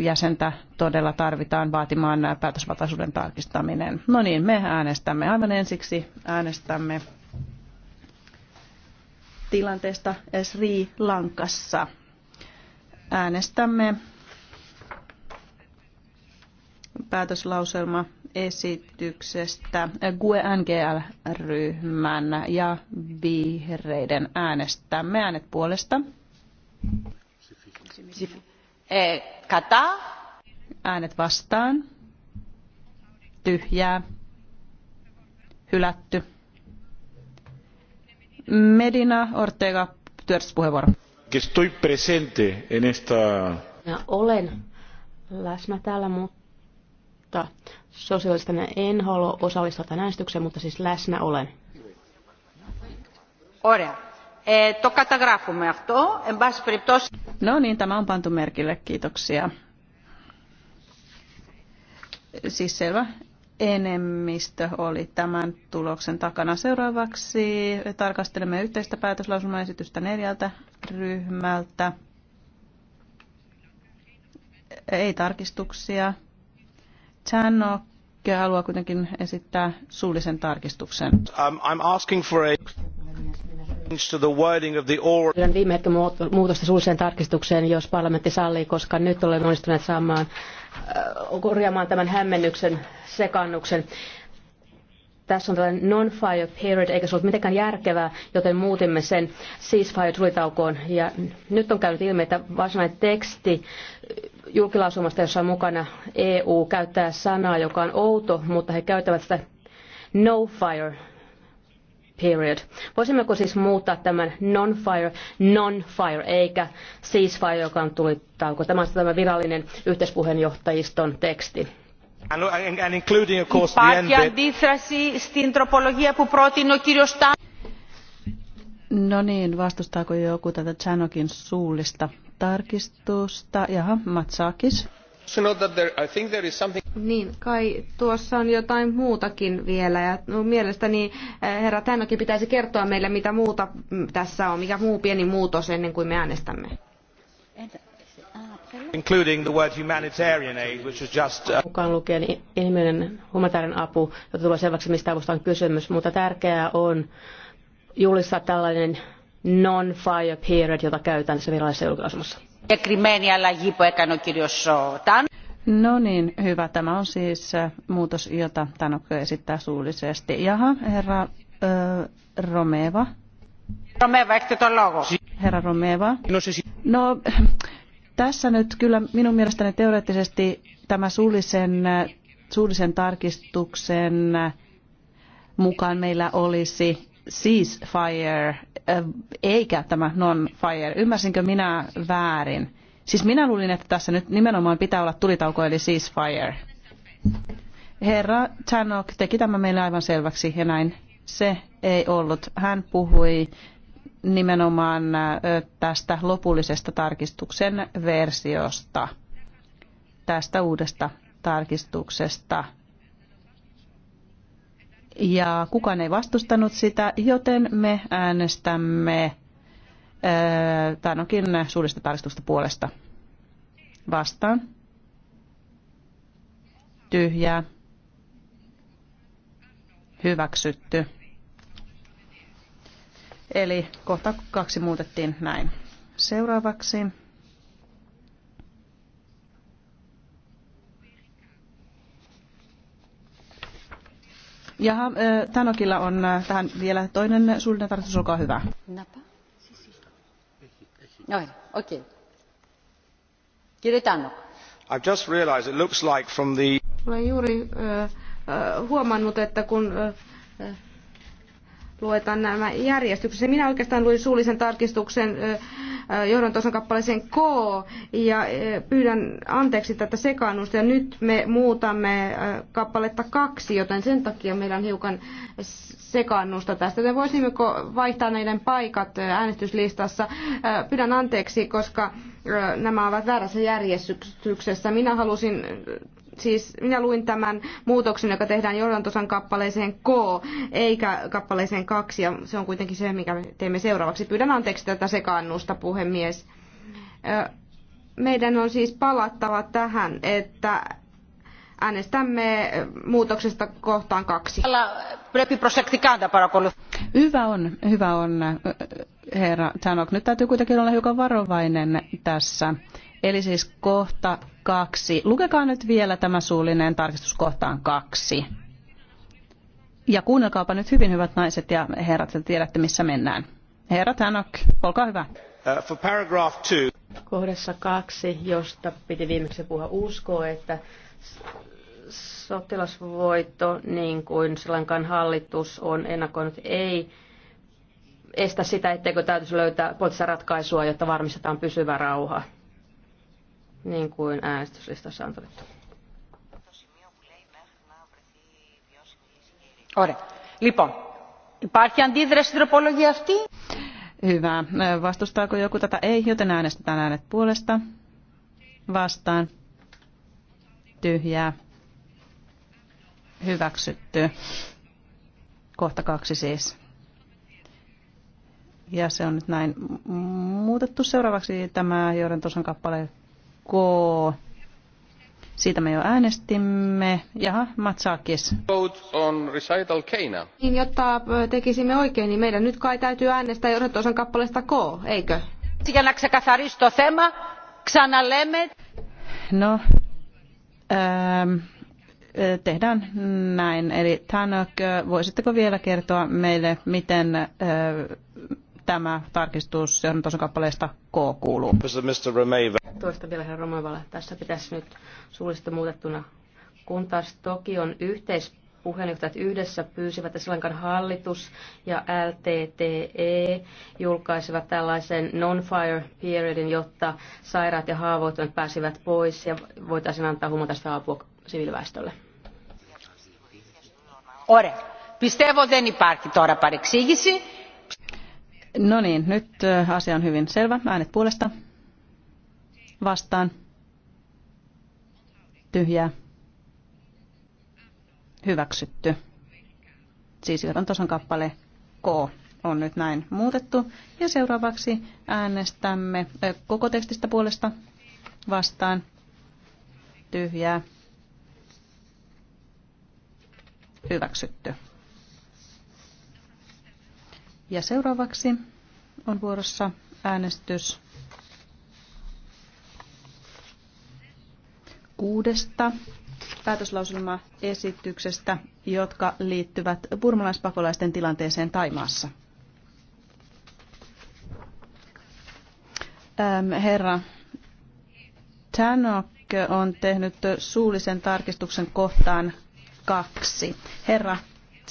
jäsentä todella tarvitaan vaatimaan päätösvaltaisuuden tarkistaminen. No niin, me äänestämme. Aivan ensiksi äänestämme tilanteesta Sri Lankassa. Äänestämme päätöslauselma esityksestä GUE-NGL-ryhmän ja vihreiden äänestämme äänet puolesta. Ε, Äänet vastaan. Tyhjää. Hylätty. Medina Ortega, työstyspuheenvuoro. Estoy presente en esta... Minä olen läsnä täällä, mutta sosiaalista en halua osallistua tämän äänestykseen, mutta siis läsnä olen. Ora, το καταγράφουμε αυτό. Εν πάση περιπτώσει... No niin, tämä on pantu merkille. Kiitoksia. Siis selvä enemmistö oli tämän tuloksen takana. Seuraavaksi tarkastelemme yhteistä päätöslausumaesitystä neljältä ryhmältä. Ei tarkistuksia. Chanok haluaa kuitenkin esittää suullisen tarkistuksen. Um, I'm asking for a Pyydän viime hetken muutosta suulliseen tarkistukseen, jos parlamentti sallii, koska nyt olemme onnistuneet saamaan äh, korjaamaan tämän hämmennyksen sekannuksen. Tässä on tällainen non-fire period, eikä se ollut mitenkään järkevää, joten muutimme sen ceasefire tulitaukoon. Ja nyt on käynyt ilmi, että varsinainen teksti julkilausumasta, jossa on mukana EU, käyttää sanaa, joka on outo, mutta he käyttävät sitä no fire period. Voisimmeko siis muuttaa tämän non-fire, non-fire, eikä ceasefire, joka on tullut tauko. Tämä on tämä virallinen yhteispuheenjohtajiston teksti. And, and including of course the No niin, vastustaako joku tätä Chanokin suullista tarkistusta? Jaha, Matsakis. Niin, kai tuossa on jotain muutakin vielä ja no, mielestäni eh, herra Tännokin pitäisi kertoa meille, mitä muuta tässä on, mikä muu pieni muutos ennen kuin me äänestämme. Including the word humanitarian aid, which is just... Uh, Mukaan lukien inhimillinen humanitaarinen apu, jota tulee selväksi, mistä avusta on kysymys, mutta tärkeää on julistaa tällainen non-fire period, jota käytetään tässä virallisessa julkilausumassa. No niin, hyvä. Tämä on siis muutos, jota Tanok esittää suullisesti. Jaha, herra äh, Romeva. Romeva, Herra Romeva. No, no, tässä nyt kyllä minun mielestäni teoreettisesti tämä suullisen, suullisen tarkistuksen mukaan meillä olisi ceasefire eh, eikä tämä non-fire. Ymmärsinkö minä väärin? Siis minä luulin, että tässä nyt nimenomaan pitää olla tulitauko eli ceasefire. Herra Chanok teki tämä meille aivan selväksi ja näin se ei ollut. Hän puhui nimenomaan eh, tästä lopullisesta tarkistuksen versiosta, tästä uudesta tarkistuksesta ja kukaan ei vastustanut sitä, joten me äänestämme Tanokin suurista tarkistusta puolesta vastaan. tyhjä, Hyväksytty. Eli kohta kaksi muutettiin näin. Seuraavaksi Ja Tanokilla on tähän vielä toinen suullinen tarkoitus, olkaa hyvä. Napa? No niin, okei. Okay. Tanok. I've just realized it looks like from the... Olen juuri äh, huomannut, että kun äh, luetaan nämä järjestyksessä, minä oikeastaan luin suullisen tarkistuksen äh, Äh, johdantosan kappaleeseen K ja äh, pyydän anteeksi tätä sekaannusta ja nyt me muutamme äh, kappaletta kaksi, joten sen takia meillä on hiukan sekaannusta tästä. joten voisimmeko vaihtaa näiden paikat äänestyslistassa? Pyydän anteeksi, koska nämä ovat väärässä järjestyksessä. Minä halusin siis minä luin tämän muutoksen, joka tehdään johdantosan kappaleeseen K, eikä kappaleeseen 2, ja se on kuitenkin se, mikä teemme seuraavaksi. Pyydän anteeksi tätä sekaannusta, puhemies. Meidän on siis palattava tähän, että äänestämme muutoksesta kohtaan kaksi. Hyvä on, hyvä on, herra Tanok. Nyt täytyy kuitenkin olla hiukan varovainen tässä. Eli siis kohta kaksi. Lukekaa nyt vielä tämä suullinen tarkistus kohtaan kaksi. Ja kuunnelkaapa nyt hyvin hyvät naiset ja herrat, että tiedätte missä mennään. Herra Tanok, olkaa hyvä. Uh, for paragraph two. Kohdassa kaksi, josta piti viimeksi puhua, uskoa, että sotilasvoitto, niin kuin Sri hallitus on ennakoinut, ei estä sitä, etteikö täytyisi löytää poliittista ratkaisua, jotta varmistetaan pysyvä rauha niin kuin äänestyslistassa on todettu. Ωραία. Hyvä. Vastustaako joku tätä? Ei, joten äänestetään äänet puolesta. Vastaan. Tyhjää. Hyväksytty. Kohta kaksi siis. Ja se on nyt näin muutettu. Seuraavaksi tämä Joren Tosan kappale K. Siitä me jo äänestimme. Jaha, Matsakis. Vote on recital Keina. Niin, jotta tekisimme oikein, niin meidän nyt kai täytyy äänestää osan kappaleesta K, eikö? Για να ξεκαθαρίσει το θέμα, No, ähm, tehdään näin. Eli Tanok, voisitteko vielä kertoa meille, miten äh, tämä tarkistus johdantoson kappaleesta K kuuluu. Toista vielä herra Romevalle. Tässä pitäisi nyt suullisesti muutettuna, kun taas Tokion yhteispuheenjohtajat yhdessä pyysivät, että Sri hallitus ja LTTE julkaisivat tällaisen non-fire periodin, jotta sairaat ja haavoittuneet pääsivät pois ja voitaisiin antaa humanitaarista apua siviiliväestölle. Ωραία. Πιστεύω δεν parki τώρα παρεξήγηση. No niin, nyt asia on hyvin selvä. Äänet puolesta. Vastaan. Tyhjää. Hyväksytty. Siis johdan tuossa kappale K on nyt näin muutettu. Ja seuraavaksi äänestämme koko tekstistä puolesta vastaan. Tyhjää. Hyväksytty. Ja seuraavaksi on vuorossa äänestys kuudesta päätöslauselmaesityksestä, jotka liittyvät burmalaispakolaisten tilanteeseen Taimaassa. Herra Tanok on tehnyt suullisen tarkistuksen kohtaan kaksi. Herra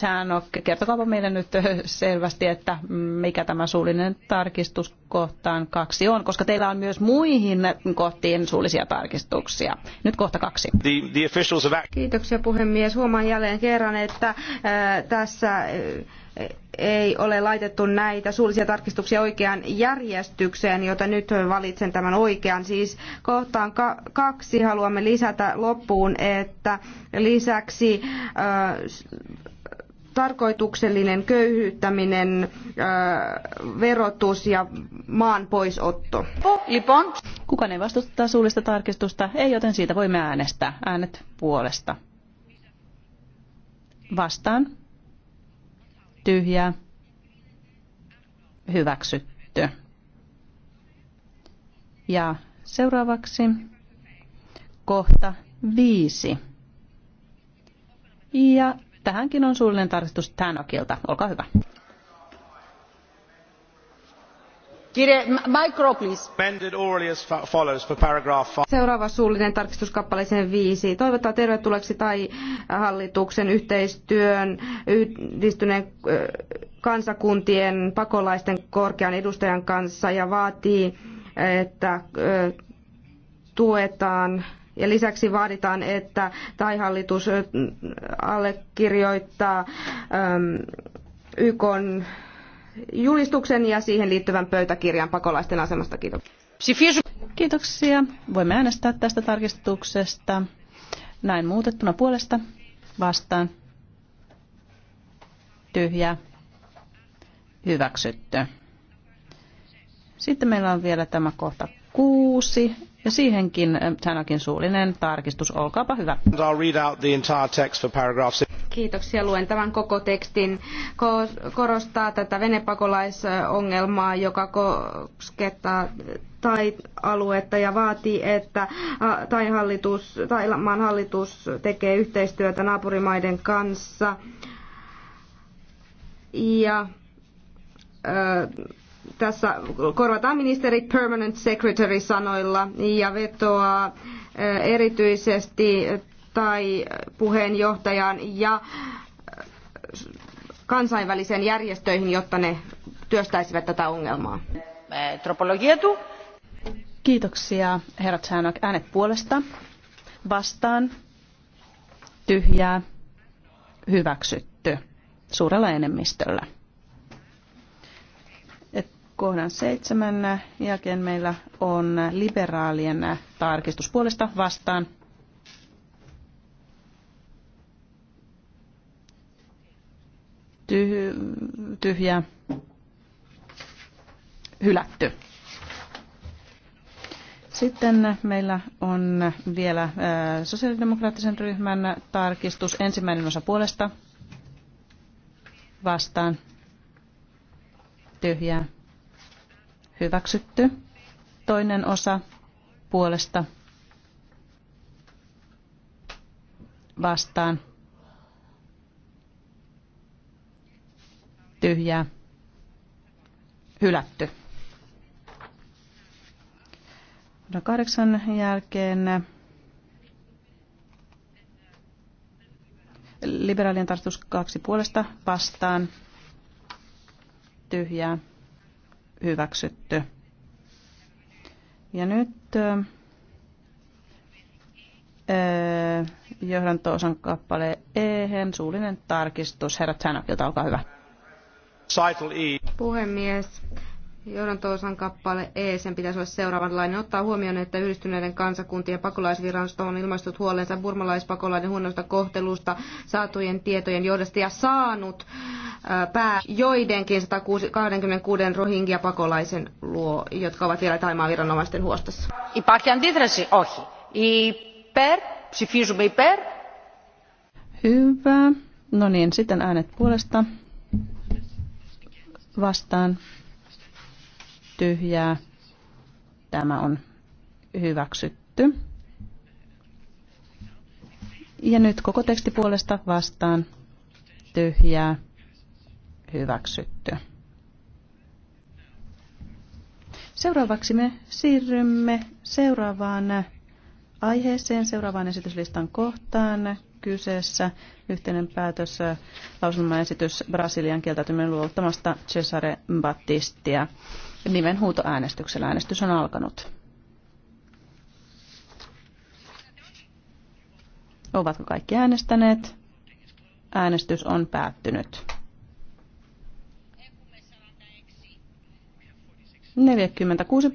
Chanok, kertokaa meille nyt selvästi, että mikä tämä suullinen tarkistus kohtaan kaksi on, koska teillä on myös muihin kohtiin suullisia tarkistuksia. Nyt kohta kaksi. The, the officials have... Kiitoksia puhemies. Huomaan jälleen kerran, että äh, tässä... Äh, ei ole laitettu näitä suullisia tarkistuksia oikeaan järjestykseen, joten nyt valitsen tämän oikean. Siis kohtaan kaksi haluamme lisätä loppuun, että lisäksi tarkoituksellinen köyhyyttäminen, verotus ja maan poisotto. Kukaan ei vastusta suullista tarkistusta, ei joten siitä voimme äänestää. Äänet puolesta. Vastaan. Tyhjää. Hyväksytty. Ja seuraavaksi kohta viisi. Ja Tähänkin on suullinen tarkistus Tänokilta. Olkaa hyvä. Micro, please. Seuraava suullinen tarkistus kappaleeseen viisi. Toivottaa tervetulleeksi tai hallituksen yhteistyön yhdistyneen kansakuntien pakolaisten korkean edustajan kanssa ja vaatii, että tuetaan ja lisäksi vaaditaan, että tai hallitus allekirjoittaa YK julistuksen ja siihen liittyvän pöytäkirjan pakolaisten asemasta. Kiitos. Kiitoksia. Voimme äänestää tästä tarkistuksesta. Näin muutettuna puolesta vastaan. Tyhjä. Hyväksytty. Sitten meillä on vielä tämä kohta kuusi. Ja siihenkin äh, Tanakin suullinen tarkistus. Olkaapa hyvä. Kiitoksia. Luen tämän koko tekstin. Korostaa tätä venepakolaisongelmaa, joka koskettaa tai aluetta ja vaatii, että äh, tai hallitus, tai maan hallitus tekee yhteistyötä naapurimaiden kanssa. Ja ö, tässä korvataan ministeri permanent secretary sanoilla ja vetoaa eh, erityisesti tai puheenjohtajaan ja eh, kansainvälisen järjestöihin, jotta ne työstäisivät tätä ongelmaa. Eh, Kiitoksia, herra Tsanok. Äänet puolesta. Vastaan. Tyhjää. Hyväksytty. Suurella enemmistöllä kohdan seitsemän jälkeen meillä on liberaalien tarkistus puolesta vastaan. tyhjä. Hylätty. Sitten meillä on vielä äh, sosiaalidemokraattisen ryhmän tarkistus. Ensimmäinen osa puolesta vastaan. Tyhjää hyväksytty. Toinen osa puolesta vastaan tyhjää hylätty. Kahdeksan jälkeen liberaalien tarkoitus kaksi puolesta vastaan tyhjää hyväksytty. Ja nyt öö, johdanto-osan kappale Ehen, suullinen tarkistus. Herra Tänakilta, olkaa hyvä. E. Puhemies, Johdantoosan kappale E, sen pitäisi olla seuraavanlainen. Ottaa huomioon, että yhdistyneiden kansakuntien pakolaisvirasto on ilmaistut huolensa burmalaispakolaiden huonosta kohtelusta saatujen tietojen johdosta ja saanut pää joidenkin 126 rohingya-pakolaisen luo, jotka ovat vielä Taimaan viranomaisten huostassa. Υπάρχει αντίδραση? Όχι. Υπέρ, ψηφίζουμε υπέρ. Hyvä. No niin, sitten äänet puolesta vastaan tyhjää. Tämä on hyväksytty. Ja nyt koko teksti puolesta vastaan tyhjää hyväksytty. Seuraavaksi me siirrymme seuraavaan aiheeseen, seuraavaan esityslistan kohtaan. Kyseessä yhteinen päätös, äh, esitys Brasilian kieltäytyminen luovuttamasta Cesare Battistia. Nimenhuutoäänestyksellä Äänestys on alkanut. Ovatko kaikki äänestäneet? Äänestys on päättynyt. 46